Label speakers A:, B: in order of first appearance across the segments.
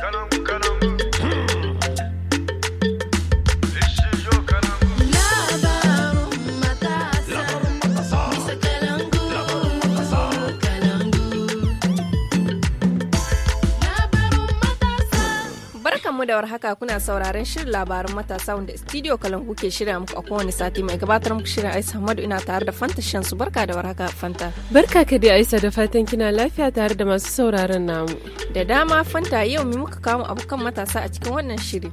A: Calum,
B: mu da warhaka kuna sauraren shirin labaran matasa wanda studio kalan kuke shirya muku a kowane sati mai gabatar muku shirin Aisha Hamadu ina tare da Fanta Shansu barka da warhaka Fanta.
C: Barka ka dai Aisha da fatan kina lafiya tare da masu sauraron namu.
B: Da dama Fanta yau mu muka kawo abokan matasa a cikin wannan shirin.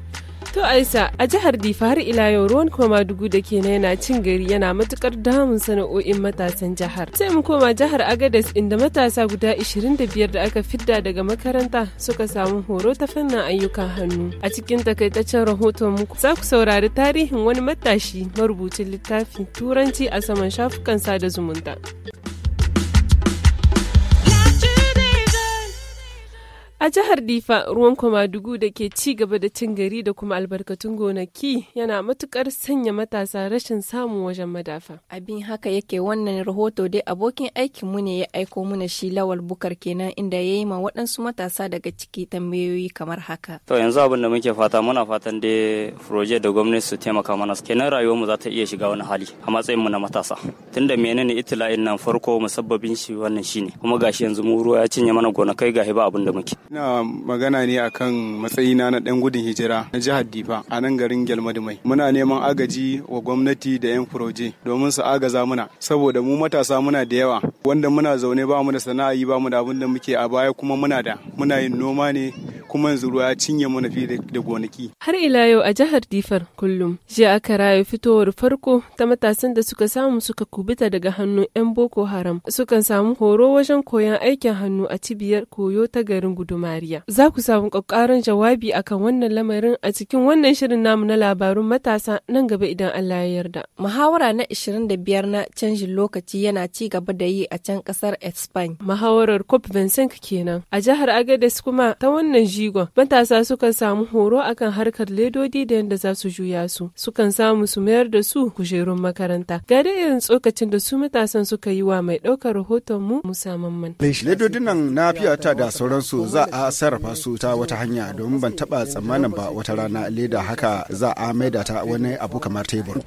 C: To Aisha a jihar Difa har ila yau ruwan koma dugu da ke na yana cin gari yana matukar damun sana'o'in matasan jihar. Sai mu koma jihar Agadez inda matasa guda 25 da aka fidda daga makaranta suka samu horo ta fannin ayyukan hannu. A cikin takaitaccen rahoton muku za ku saurari tarihin wani matashi marubucin littafin turanci a saman shafukan sada zumunta. A jihar Difa, ruwan Kwamadugu da ke ci gaba da cin gari da kuma albarkatun gonaki yana matukar sanya matasa rashin samun wajen madafa.
B: Abin haka yake wannan rahoto dai abokin aikinmu ne ya aiko muna shi lawal bukar kenan inda ya yi ma waɗansu matasa daga ciki tambayoyi kamar haka.
A: To yanzu abin da muke fata muna fatan dai proje da gwamnati su taimaka mana kenan rayuwarmu za ta iya shiga wani hali a matsayin mu na matasa. Tunda menene itila'in nan farko musabbabin shi wannan shine kuma gashi yanzu mu ruwa ya cinye mana gonakai gahi ba abin da muke. Ina magana ne akan matsayina na ɗan gudun hijira na jihar Difa a nan garin Gyalmadumai. Muna neman agaji wa gwamnati da 'yan furoje domin su agaza muna saboda mu matasa muna da yawa wanda muna zaune ba mu da sana'a ba mu da abin da muke a baya kuma muna da muna yin noma ne kuma yanzu ruwa ya cinye mana fiye da gonaki.
C: Har ila yau a jihar Difar kullum jiya aka raye fitowar farko ta matasan da suka samu suka kubita daga hannun 'yan Boko Haram sukan samu horo wajen koyon aikin hannu a cibiyar koyo ta garin Gudumariya. Za ku samu ƙwaƙƙaran jawabi akan wannan lamarin a cikin wannan shirin namu na labarun matasa nan gaba idan Allah ya yarda. Muhawara na 25 na canjin lokaci yana ci gaba da yi a can ƙasar Espanya. Muhawarar COP25 kenan. A jihar Agadez kuma ta wannan jiyo jigon. Matasa sukan samu horo akan harkar ledodi da yadda za su juya su, sukan samu su mayar da su kujerun makaranta. Ga da irin tsokacin da su matasan suka yi wa mai ɗaukar rahoton mu Musa Mamman.
A: Ledodin nan na fiyata da sauransu za a sarrafa su ta wata hanya domin ban taɓa tsammanin ba wata rana leda haka za a maida ta wani abu kamar tebur.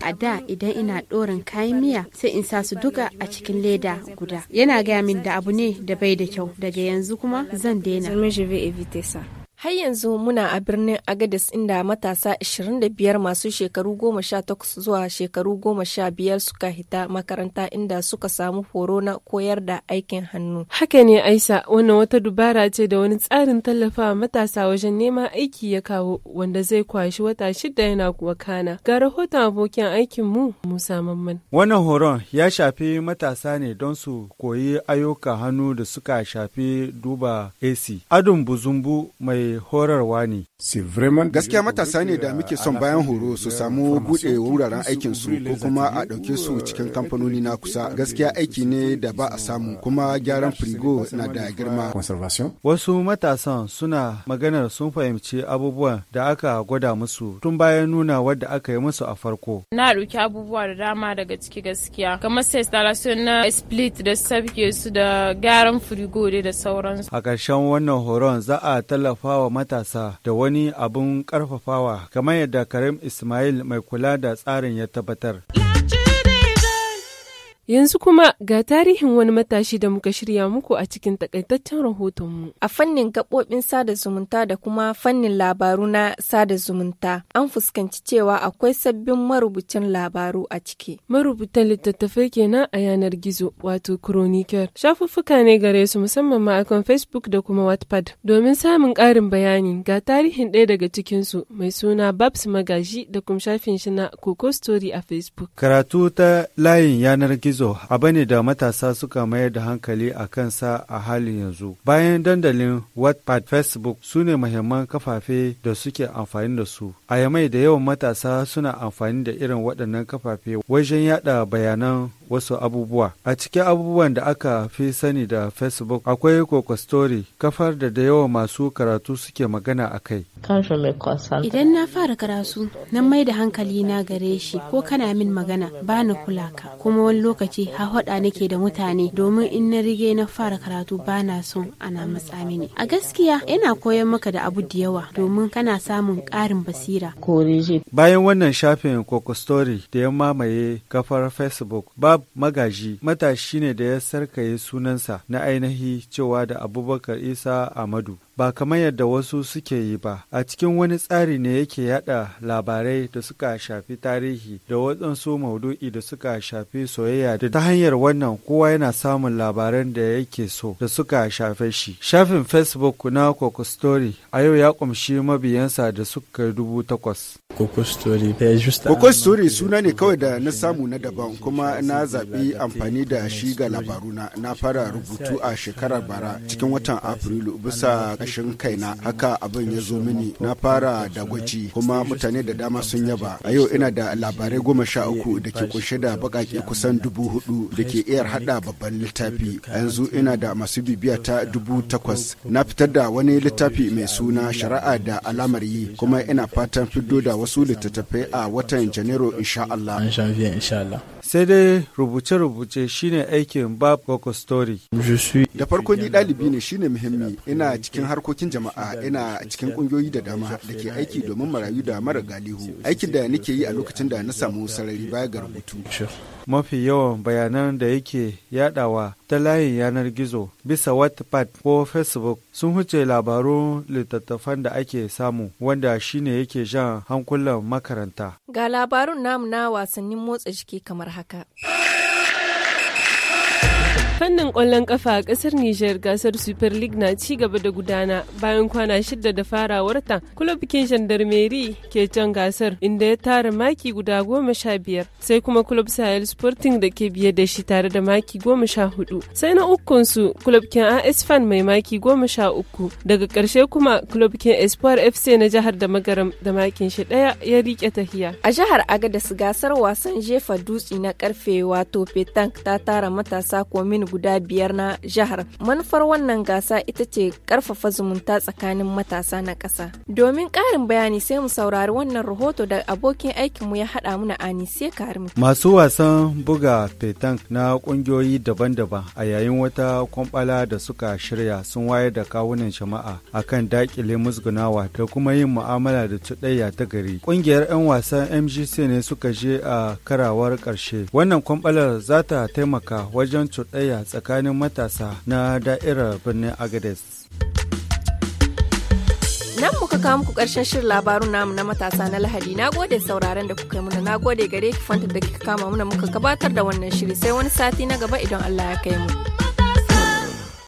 B: A da idan ina ɗorin kayan miya sai in sa su duka a cikin leda guda. Yana gaya min da abu ne da bai da kyau daga yanzu kuma zan daina. je vais éviter ça. Har yanzu muna a birnin Agadis inda matasa 25 masu shekaru 18 zuwa shekaru 15 suka hita makaranta inda suka samu horo na koyar da aikin hannu.
C: Haka ne Aisha, wannan wata dubara ce da wani tsarin tallafa matasa wajen neman aiki ya kawo wanda zai kwashi wata shida yana kuwa kana Ga rahoton abokin aikin mu Musa Mamman.
D: Wannan horon ya shafi matasa ne don su koyi ayyuka hannu da suka shafi duba AC. Adun Buzumbu mai horarwa ne. Gaskiya
A: matasa ne da muke son bayan horo su samu buɗe wuraren aikin su ko kuma a ɗauke su euh, cikin kamfanoni na kusa. Gaskiya euh, aiki ne da ba a samu euh, kuma gyaran firigo
D: na da girma. Wasu matasan suna maganar sun fahimci abubuwan da aka gwada musu tun bayan nuna wadda aka yi musu a farko.
C: Na ɗauki abubuwa da dama daga ciki gaskiya kamar sai installation na split da sabke su da gyaran firigo da sauransu.
D: A ƙarshen wannan horon za a tallafa wa matasa da wani abun ƙarfafawa kamar yadda Karim Ismail mai kula da tsarin ya tabbatar.
C: Yanzu kuma ga tarihin wani matashi da muka shirya muku a
B: cikin takaitaccen rahotonmu. A fannin gaɓoɓin sada zumunta da kuma fannin labaru na sada zumunta, an fuskanci cewa akwai sabbin marubucin labaru a ciki.
C: Marubutan littattafai kenan a yanar gizo wato Chronicle. Shafuffuka ne gare su musamman ma akan Facebook da kuma Wattpad. Domin samun ƙarin bayani ga tarihin ɗaya daga cikinsu mai suna Babs Magaji da kuma shafin shi na Coco Story a Facebook.
D: Karatu ta layin yanar gizo gizo abane ne da matasa suka mayar da hankali a kansa a halin yanzu. Bayan dandalin Wattpad Facebook su ne mahimman kafafe da suke amfani da su. A yamai da yawan matasa suna amfani da irin waɗannan kafafe wajen yada bayanan wasu abubuwa. A cikin abubuwan da aka fi sani da Facebook akwai Coco Story kafar da da yawa masu karatu suke magana a kai.
B: Idan na fara karatu nan mai da hankali na gare shi ko kana min magana ba ni kula ka kuma wani lokaci hahwada nake da mutane domin in na rige na fara karatu ba na son ana matsa mini. A gaskiya ina koyon maka da abu da yawa domin kana samun ƙarin basira.
D: Bayan wannan shafin Coco Story da ya mamaye kafar Facebook babu Magaji matashi ne da ya sarkaye sunansa na ainihi cewa da Abubakar Isa Amadu ba kamar yadda wasu suke yi ba a cikin wani tsari ne yake yada labarai da suka shafi tarihi da wadansu maudu'i da suka shafi soyayya da ta hanyar wannan kowa yana samun labaran da yake so da suka shafe shi shafin facebook na coco story a yau ya kumshi mabiyansa da suka dubu takwas coco eh, um,
A: story suna ne kawai da na samu na daban kuma na zaɓi amfani da shi ga labaruna na fara rubutu a shekarar bara cikin watan afrilu bisa kashin kaina haka abin ya zo mini na fara da gwaji kuma mutane da dama sun yaba a yau ina da labarai goma sha uku da ke kunshe da bakake kusan dubu hudu da ke iyar hada babban littafi a yanzu ina da masu bibiya ta dubu takwas na fitar da wani littafi mai suna shari'a da alamar yi kuma ina fatan fiddo da wasu littattafai a watan janairu insha
D: sai dai rubuce-rubuce shine aikin bab Coco Story. Da farko
A: ni ɗalibi ne shine muhimmi ina cikin harkokin
D: jama'a ina cikin ƙungiyoyi da dama da ke
A: aiki domin marayu da mara galihu aikin da nake yi a lokacin da na samu sarari baya ga rubutu.
D: Mafi yawan bayanan da yake yadawa ta layin yanar gizo bisa Wattpad ko Facebook sun huce labarun littattafan da ake samu wanda shine yake jan hankulan makaranta.
B: Ga labarun namu na wasannin motsa jiki kamar haka. fannin kwallon kafa a ƙasar Nijar
C: gasar Super League na ci gaba da gudana bayan kwana shida da farawarta. Kulob kin Darmeri ke can gasar inda ya tara maki guda goma sha biyar. Sai kuma kulob Sahel Sporting da ke biye da shi tare da maki goma sha hudu. Sai na ukun su kulob kin AS Fan mai maki goma sha uku. Daga ƙarshe kuma kulob kin Espoir FC na jihar da
B: Magaram da makin shi ɗaya ya riƙe tahiya. A jihar Agadas gasar wasan jefa dutse na karfe wato petank ta tara matasa komin guda biyar na jihar. Manufar wannan gasa ita ce karfafa zumunta tsakanin matasa na ƙasa. Domin ƙarin bayani sai mu saurari wannan rahoto da abokin aikinmu ya haɗa muna Anise Karmi.
D: Masu wasan buga fetan na ƙungiyoyi daban-daban a yayin wata kwamfala da suka shirya sun wayar da kawunan jama'a akan daƙile musgunawa da kuma yin mu'amala da cuɗayya ta gari. Ƙungiyar 'yan wasan MGC ne suka je a karawar ƙarshe. Wannan kwamɓalar za ta taimaka wajen cuɗayya tsakanin matasa na da'irar birnin Agades.
B: Nan muka kawo muku karshen shirin labarun namu na matasa na Lahadi. Na gode sauraron da kuka yi muna. Na gode gare ki fanta da kika kama muna muka gabatar da wannan shiri sai wani sati na gaba idan Allah ya kai mu.